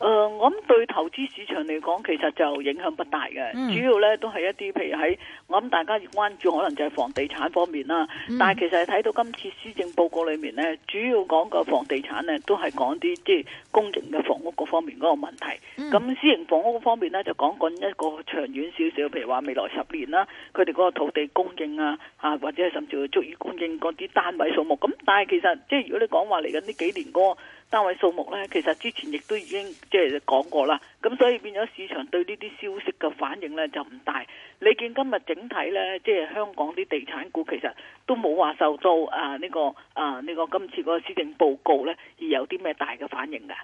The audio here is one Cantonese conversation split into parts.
誒、呃，我諗對投資市場嚟講，其實就影響不大嘅。嗯、主要咧都係一啲，譬如喺我諗大家亦關注，可能就係房地產方面啦。嗯、但係其實係睇到今次施政報告裏面咧，主要講嘅房地產咧，都係講啲即係公營嘅房屋各方面嗰個問題。咁、嗯、私營房屋方面咧，就講緊一個長遠少少，譬如話未來十年啦，佢哋嗰個土地供應啊，啊或者係甚至會足以供應嗰啲單位數目。咁但係其實即係如果你講話嚟緊呢幾年嗰個。單位數目咧，其實之前亦都已經即係講過啦，咁所以變咗市場對呢啲消息嘅反應咧就唔大。你見今日整體咧，即係香港啲地產股其實都冇話受到啊呢個啊呢個今次嗰個施政報告咧而有啲咩大嘅反應噶。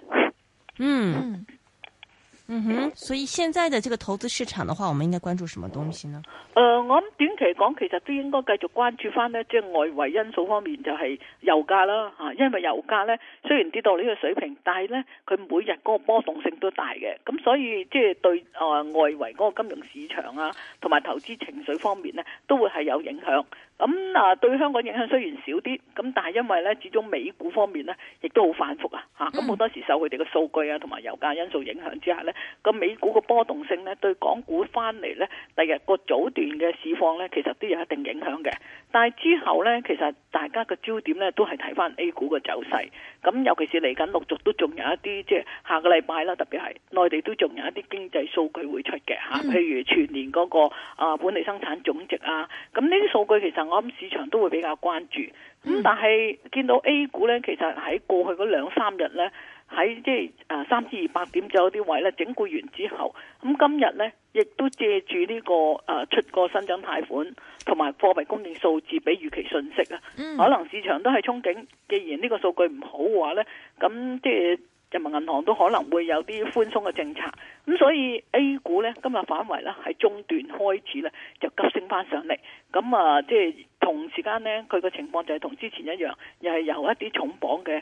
嗯。嗯哼，所以現在的這個投資市場的話，我們應該關注什麼東西呢？誒、呃，我諗短期講，其實都應該繼續關注翻呢，即係外圍因素方面就係油價啦，吓，因為油價呢雖然跌到呢個水平，但係呢佢每日嗰個波動性都大嘅，咁所以即係對誒、呃、外圍嗰個金融市場啊，同埋投資情緒方面呢都會係有影響。咁啊，對香港影響雖然少啲，咁但係因為咧，始終美股方面咧，亦都好反覆啊，吓，咁好多時受佢哋嘅數據啊，同埋油價因素影響之下咧，個美股嘅波動性咧，對港股翻嚟咧，第日個早段嘅市況咧，其實都有一定影響嘅。但係之後咧，其實大家嘅焦點咧，都係睇翻 A 股嘅走勢。咁尤其是嚟緊陸續都仲有一啲，即係下個禮拜啦，特別係內地都仲有一啲經濟數據會出嘅嚇，譬如全年嗰個啊本地生產總值啊。咁呢啲數據其實我諗市場都會比較關注。咁但係見到 A 股咧，其實喺過去嗰兩三日咧。喺即係誒三至二百點左右啲位咧，整固完之後，咁今日咧亦都借住呢個誒出個新增貸款同埋貨幣供應數字比預期信息啦，可能市場都係憧憬，既然呢個數據唔好嘅話咧，咁即係人民銀行都可能會有啲寬鬆嘅政策，咁所以 A 股咧今日反圍啦，喺中段開始咧就急升返上嚟，咁啊即係同時間咧佢個情況就係同之前一樣，又係由一啲重磅嘅。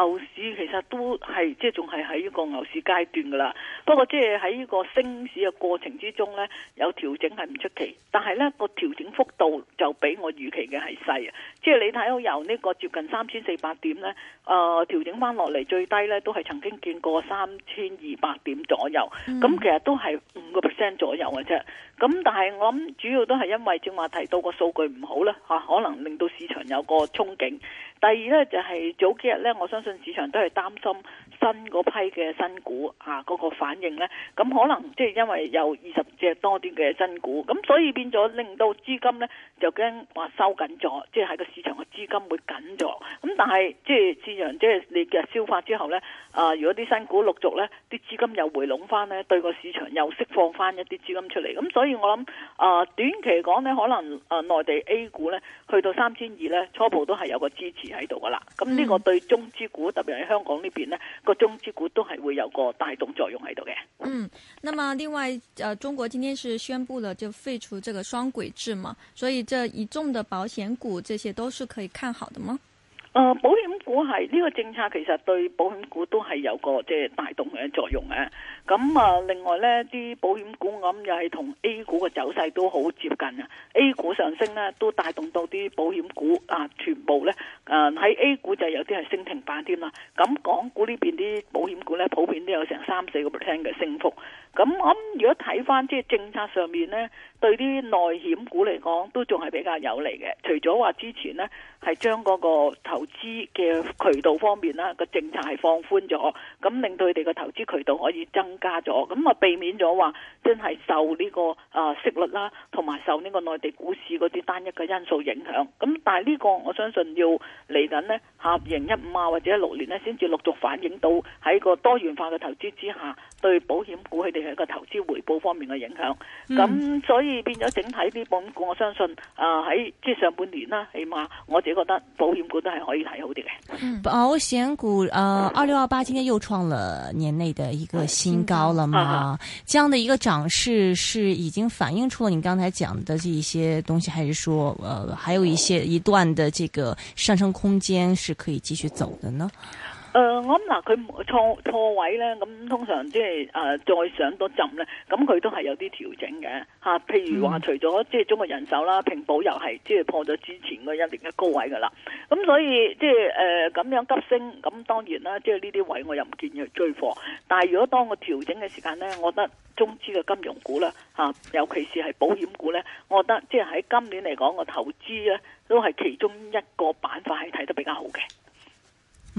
牛市其實都係即係仲係喺呢個牛市階段噶啦，不過即係喺呢個升市嘅過程之中呢，有調整係唔出奇，但係呢個調整幅度就比我預期嘅係細，即係你睇到由呢個接近三千四百點呢，誒、呃、調整翻落嚟最低呢，都係曾經見過三千二百點左右，咁其實都係五個 percent 左右嘅啫，咁但係我諗主要都係因為正話提到個數據唔好呢，吓，可能令到市場有個憧憬。第二呢，就係早幾日呢，我相信。市場都係擔心。新嗰批嘅新股啊，嗰、嗰個反應呢，咁可能即係因為有二十隻多啲嘅新股，咁所以變咗令到資金呢就驚話收緊咗，即係喺個市場嘅資金會緊咗。咁但係即係市場即係、即係、你嘅消化之後呢，啊如果啲新股陸續呢，啲資金又回籠翻呢，對個市場又釋放翻一啲資金出嚟。咁所以我諗啊短期嚟講呢，可能啊內地 A 股呢去到三千二呢，初步都係有個支持喺度噶啦。咁呢個對中資股特別係香港呢邊呢。個中資股都係會有個帶動作用喺度嘅。嗯，那麼另外，誒、呃，中國今天是宣布了就廢除這個雙軌制嘛，所以這一眾的保險股這些都是可以看好的嗎？誒、呃，保險股係呢、這個政策其實對保險股都係有個即係帶動嘅作用啊。咁啊，另外咧，啲保險股咁又係同 A 股嘅走勢都好接近啊！A 股上升咧，都帶動到啲保險股啊，全部咧，喺、啊、A 股就有啲係升停板添啦。咁港股呢邊啲保險股咧，普遍都有成三四個 percent 嘅升幅。咁我諗如果睇翻即係政策上面咧，對啲內險股嚟講，都仲係比較有利嘅。除咗話之前呢係將嗰個投資嘅渠道方面啦，個政策係放寬咗，咁令到佢哋嘅投資渠道可以增。增加咗，咁啊避免咗話真係受呢、這個啊、呃、息率啦、啊，同埋受呢個內地股市嗰啲單一嘅因素影響。咁但係呢個，我相信要嚟緊咧，二零一五啊或者一六年咧，先至陸續反映到喺個多元化嘅投資之下。對保險股，佢哋係一個投資回報方面嘅影響，咁、嗯、所以變咗整體啲保險股，我相信啊喺即係上半年啦，起碼我自己覺得保險股都係可以睇好啲嘅。嗯、保險股啊，二六二八今天又創了年內的一個新高了嘛，這樣的一個漲勢是已經反映出了你剛才講的這一些東西，還是說，呃，還有一些一段的這個上升空間是可以繼續走的呢？誒、呃，我諗嗱，佢錯錯位咧，咁、嗯、通常即係誒再上多浸咧，咁佢都係有啲調整嘅吓、啊。譬如話，除咗即係中國人壽啦，平保又係即係破咗之前嘅一年嘅高位噶啦。咁、嗯、所以即係誒咁樣急升，咁、嗯、當然啦，即係呢啲位我又唔建議去追貨。但係如果當我調整嘅時間咧，我覺得中資嘅金融股啦，吓、啊，尤其是係保險股咧，我覺得即係喺今年嚟講個投資咧，都係其中一個板塊係睇得比較好嘅。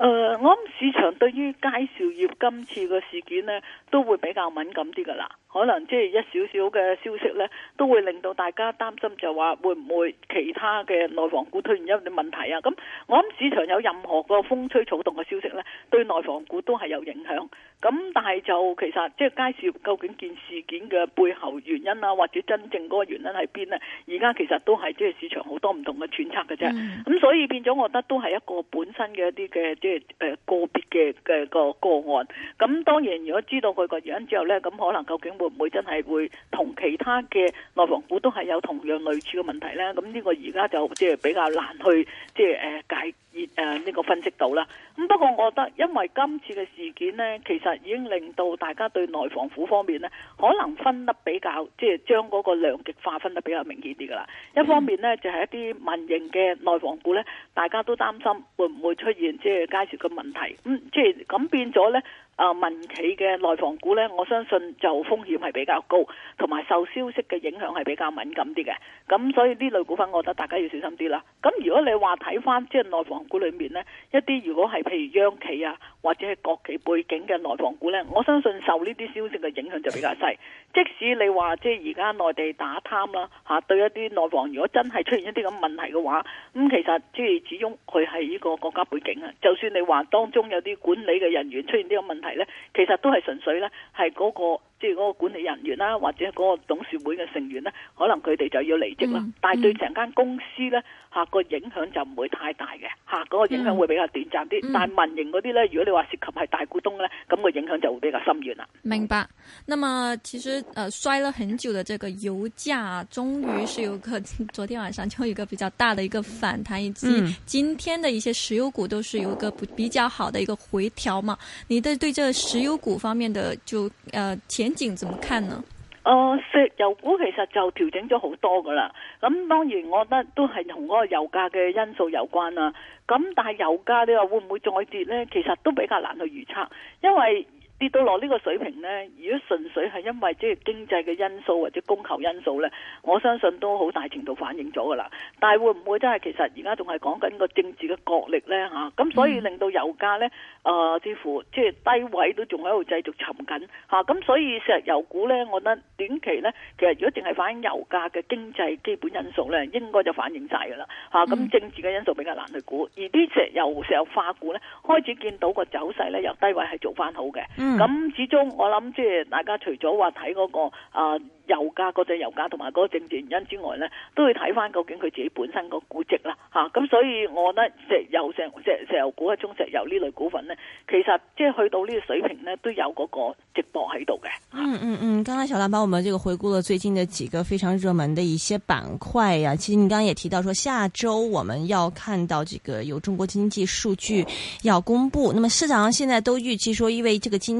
誒、呃，我諗市場對於佳兆業今次嘅事件呢都會比較敏感啲噶啦。可能即係一少少嘅消息呢都會令到大家擔心，就話會唔會其他嘅內房股出現一啲問題啊？咁我諗市場有任何個風吹草動嘅消息呢，對內房股都係有影響。咁但係就其實即係介紹究竟件事件嘅背後原因啦，或者真正嗰個原因喺邊咧？而家其實都係即係市場好多唔同嘅揣測嘅啫。咁、嗯、所以變咗，我覺得都係一個本身嘅一啲嘅即係誒個別嘅嘅個個案。咁當然，如果知道佢個原因之後咧，咁可能究竟會唔會真係會同其他嘅內房股都係有同樣類似嘅問題咧？咁呢個而家就即係比較難去即係誒解。誒，呢、啊，這個分析到啦。咁、嗯、不過我覺得，因為今次嘅事件呢，其實已經令到大家對內房股方面呢，可能分得比較，即係將嗰個兩極化，分得比較明顯啲噶啦。一方面呢，就係、是、一啲民營嘅內房股呢，大家都擔心會唔會出現即係介涉嘅問題？咁、嗯、即係咁變咗呢。啊！民企嘅內房股呢，我相信就風險係比較高，同埋受消息嘅影響係比較敏感啲嘅。咁所以呢類股份，我覺得大家要小心啲啦。咁如果你話睇返即係內房股裏面呢，一啲如果係譬如央企啊，或者係國企背景嘅內房股呢，我相信受呢啲消息嘅影響就比較細。即使你話即係而家內地打貪啦，嚇對一啲內房，如果真係出現一啲咁問題嘅話，咁其實即係始終佢係呢個國家背景啊。就算你話當中有啲管理嘅人員出現呢個問題咧，其實都係純粹咧係嗰個。即係嗰個管理人員啦、啊，或者嗰個董事會嘅成員咧，可能佢哋就要離職啦。嗯、但係對成間公司呢，嚇、嗯啊、個影響就唔會太大嘅嚇，嗰、嗯啊、個影響會比較短暫啲。嗯、但係民營嗰啲呢，如果你話涉及係大股東呢，咁個影響就會比較深遠啦。明白。那麼其實，誒、呃，摔了很久的這個油價，終於是有個昨天晚上就有一個比較大的一個反彈，以及、嗯、今天的一些石油股都是有一個比較好的一個回調嘛。你對對，這個石油股方面的就誒前。呃怎麼看呢？誒、呃，石油股其實就調整咗好多噶啦，咁當然我覺得都係同嗰個油價嘅因素有關啦。咁但係油價你話會唔會再跌呢？其實都比較難去預測，因為。跌到落呢個水平呢，如果純粹係因為即係經濟嘅因素或者供求因素呢，我相信都好大程度反映咗㗎啦。但係會唔會真係其實而家仲係講緊個政治嘅角力呢？嚇、啊？咁所以令到油價呢，誒似乎即係低位都仲喺度繼續沉緊嚇。咁、啊、所以石油股呢，我覺得短期呢，其實如果淨係反映油價嘅經濟基本因素呢，應該就反映晒㗎啦嚇。咁、啊、政治嘅因素比較難去估，而啲石油、石油化股呢，開始見到個走勢呢，由低位係做翻好嘅。嗯。咁、嗯、始終我諗即係大家除咗話睇嗰個啊、呃、油價嗰隻油價同埋嗰個政治原因之外咧，都會睇翻究竟佢自己本身個估值啦吓。咁、啊、所以我覺得石油、石油、石油股啊、中石油呢類股份咧，其實即係去到呢個水平咧，都有嗰個值博喺度嘅。嗯嗯嗯，剛才小蘭幫我們這個回顧了最近的幾個非常熱門的一些板塊呀、啊。其實你剛剛也提到說下周我們要看到這個有中國經濟數據要公布，嗯、那麼市場上現在都預期說因為這個經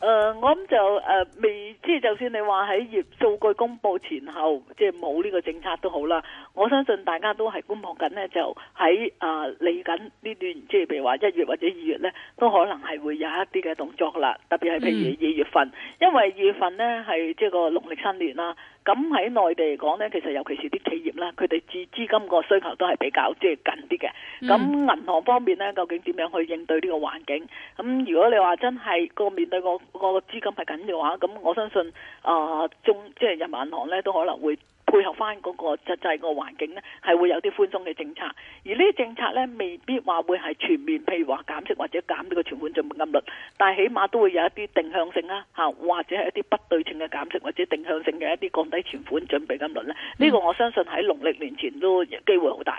誒，uh, 我諗就誒、uh, 未，即、就、係、是、就算你話喺業數據公布前後，即係冇呢個政策都好啦。我相信大家都係觀望緊呢，就喺啊嚟緊呢段，即係譬如話一月或者二月呢，都可能係會有一啲嘅動作啦。特別係譬如二月份，mm. 因為二月份呢係即係個農曆新年啦。咁喺內地嚟講呢，其實尤其是啲企業啦，佢哋資資金個需求都係比較即係緊啲嘅。咁、就是、銀行方面呢，究竟點樣去應對呢個環境？咁如果你話真係個面對個我個資金係緊嘅話，咁我相信啊、呃、中即係人民銀行咧都可能會配合翻、那、嗰個實際個環境咧，係會有啲寬鬆嘅政策。而呢啲政策咧，未必話會係全面，譬如話減息或者減呢個存款準備金率，但係起碼都會有一啲定向性啦、啊、嚇，或者係一啲不對稱嘅減息或者定向性嘅一啲降低存款準備金率咧。呢、嗯、個我相信喺農曆年前都機會好大。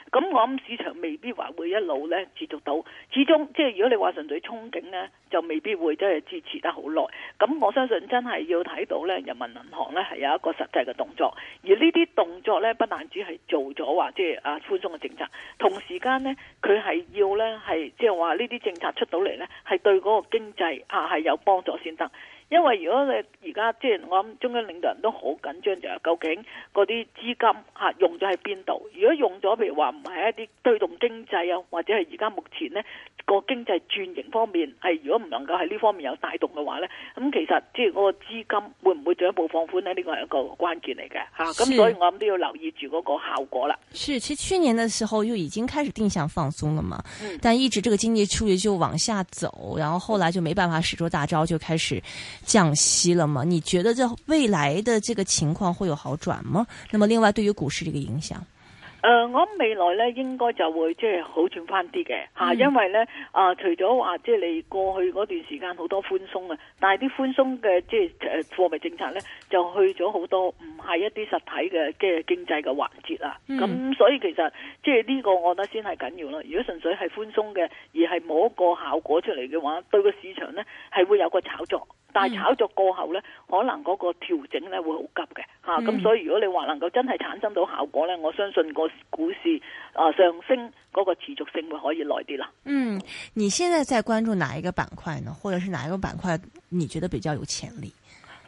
咁我諗市場未必話會一路咧持續到，始終即係如果你話純粹憧憬咧，就未必會真係支持得好耐。咁我相信真係要睇到咧，人民銀行咧係有一個實際嘅動作，而呢啲動作咧不但止係做咗話即係啊寬鬆嘅政策，同時間咧佢係要咧係即係話呢啲政策出到嚟咧係對嗰個經濟啊係有幫助先得。因為如果你而家即係我諗中央領導人都好緊張，就究竟嗰啲資金吓用咗喺邊度？如果用咗譬如話唔係一啲推動經濟啊，或者係而家目前呢個經濟轉型方面係，如果唔能夠喺呢方面有帶動嘅話咧，咁其實即係嗰個資金會唔會進一步放寬呢？呢個係一個關鍵嚟嘅吓，咁是所以我諗都要留意住嗰個效果啦。是，其實去年的時候又已經開始定向放鬆了嘛，嗯、但一直這個經濟數據就往下走，然后後來就沒辦法使出大招，就開始。降息了嗎？你覺得這未來的這個情況會有好轉嗎？那麼另外對於股市這個影響，誒、呃，我諗未來咧應該就會即係、就是、好轉翻啲嘅吓，嗯、因為咧啊、呃，除咗話即係你過去嗰段時間好多寬鬆啊，但係啲寬鬆嘅即係誒貨幣政策咧就去咗好多，唔係一啲實體嘅即係經濟嘅環節啦咁、嗯、所以其實即係呢個我覺得先係緊要咯。如果純粹係寬鬆嘅而係冇一個效果出嚟嘅話，對個市場咧係會有個炒作。但係炒作過後咧，嗯、可能嗰個調整咧會好急嘅吓，咁、嗯啊、所以如果你話能夠真係產生到效果咧，我相信個股市啊上升嗰個持續性會可以耐啲啦。嗯，你現在在關注哪一個板塊呢？或者是哪一個板塊你覺得比較有潛力？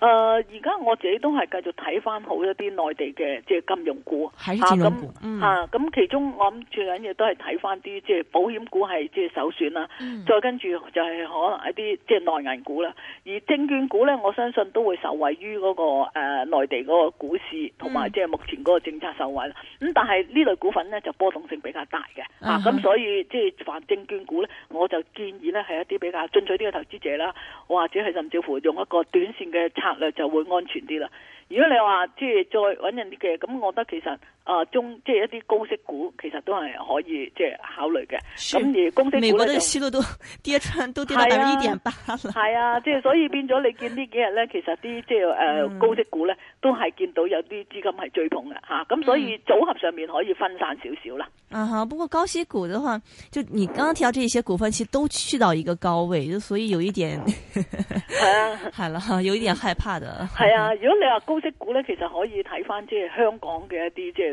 誒而家我自己都係繼續睇翻好一啲內地嘅即係金融股嚇咁嚇咁，啊啊、其中我諗最緊要都係睇翻啲即係保險股係即係首選啦，嗯、再跟住就係可能一啲即係內銀股啦。而證券股咧，我相信都會受惠於嗰個誒內地嗰個股市同埋即係目前嗰個政策受惠啦。咁但係呢類股份咧就波動性比較大嘅咁、啊哈啊、所以即係凡證券股咧，我就建議咧係一啲比較進取啲嘅投資者啦，或者係甚至乎用一個短線嘅策。就會安全啲啦。如果你話，即係再揾人啲嘅，咁我覺得其實。啊，中即係一啲高息股，其實都係可以即係考慮嘅。咁而公息股，美國啲思都跌穿，都跌到一點八啦。係啊，即係所以變咗，你見呢幾日咧，其實啲即係誒高息股咧，都係見到有啲資金係追捧嘅吓。咁所以組合上面可以分散少少啦。啊好，不過高息股嘅話，就你剛剛提到呢一些股份，其實都去到一個高位，就所以有一點係啊，係啦，有一點害怕嘅。係啊，如果你話高息股咧，其實可以睇翻即係香港嘅一啲即係。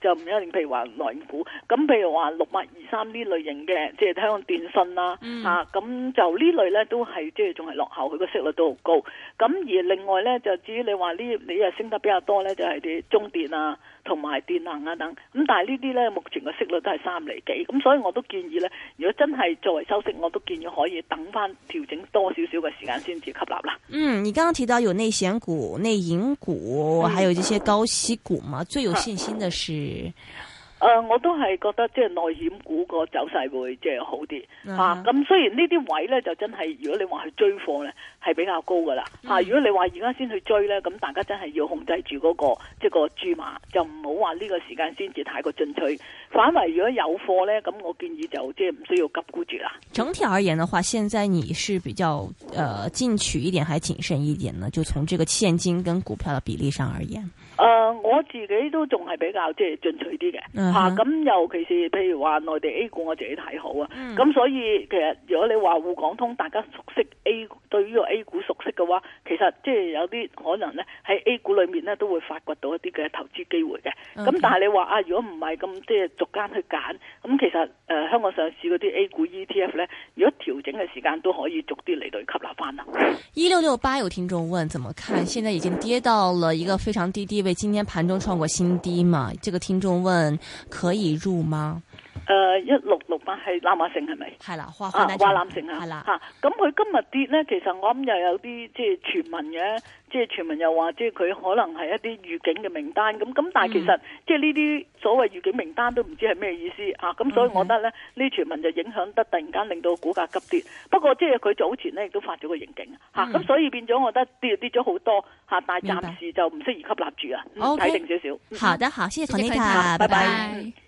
就唔一定，譬如話內銀股，咁譬如話六八二三呢類型嘅，即係香港電訊啦、啊。嚇、嗯，咁、啊、就類呢類咧都係即係仲係落後，佢個息，息率都好高。咁而另外咧，就至於你話呢，你又升得比較多咧，就係、是、啲中電啊，同埋電能啊等。咁但係呢啲咧，目前個息，息率都係三厘幾。咁所以我都建議咧，如果真係作為收息，我都建議可以等翻調整多少少嘅時間先至吸納啦。嗯，你剛剛提到有內險股、內銀股，還有這些高息股嘛？嗯、最有信心的是。誒、 呃，我都係覺得即係內險股個走勢會即係好啲吓，咁、uh huh. 啊、雖然這些置呢啲位咧就真係，如果你話係追貨咧。係比較高噶啦嚇！如果你話而家先去追咧，咁大家真係要控制住嗰、那個即係、就是、個注碼，就唔好話呢個時間先至太過進取。反為如果有貨咧，咁我建議就即係唔需要急沽住啦。整體而言嘅話，現在你是比較誒、呃、進取一點，還謹慎一點呢？就從這個現金跟股票嘅比例上而言。誒、呃，我自己都仲係比較即係、就是、進取啲嘅嚇，咁、嗯哈啊、尤其是譬如話內地 A 股，我自己睇好啊。咁、嗯、所以其實如果你話滬港通，大家熟悉 A 對於。A 股熟悉嘅話，其實即係有啲可能咧，喺 A 股裏面咧都會發掘到一啲嘅投資機會嘅。咁、嗯、但係你話啊，如果唔係咁即係逐間去揀，咁其實誒、呃、香港上市嗰啲 A 股 ETF 咧，如果調整嘅時間都可以逐啲嚟到吸納返啦。一六六八有聽眾問，怎麼看？現在已經跌到了一個非常低低位，今天盤中創過新低嘛？這個聽眾問可以入嗎？誒，一六六八係南華城係咪？係啦，華華南城啊，係啦，吓，咁佢今日跌咧，其實我諗又有啲即係傳聞嘅，即係傳聞又話即係佢可能係一啲預警嘅名單，咁咁但係其實即係呢啲所謂預警名單都唔知係咩意思啊，咁所以我覺得咧呢啲傳聞、嗯、哼 就影響得突然間令到股價急跌，不過即係佢早前咧亦都發咗個刑警吓，咁所以變咗我覺得跌跌咗好多吓，但係暫時就唔適宜吸納住啊，睇明白、嗯、定少少，好的，好，謝謝唐 拜拜。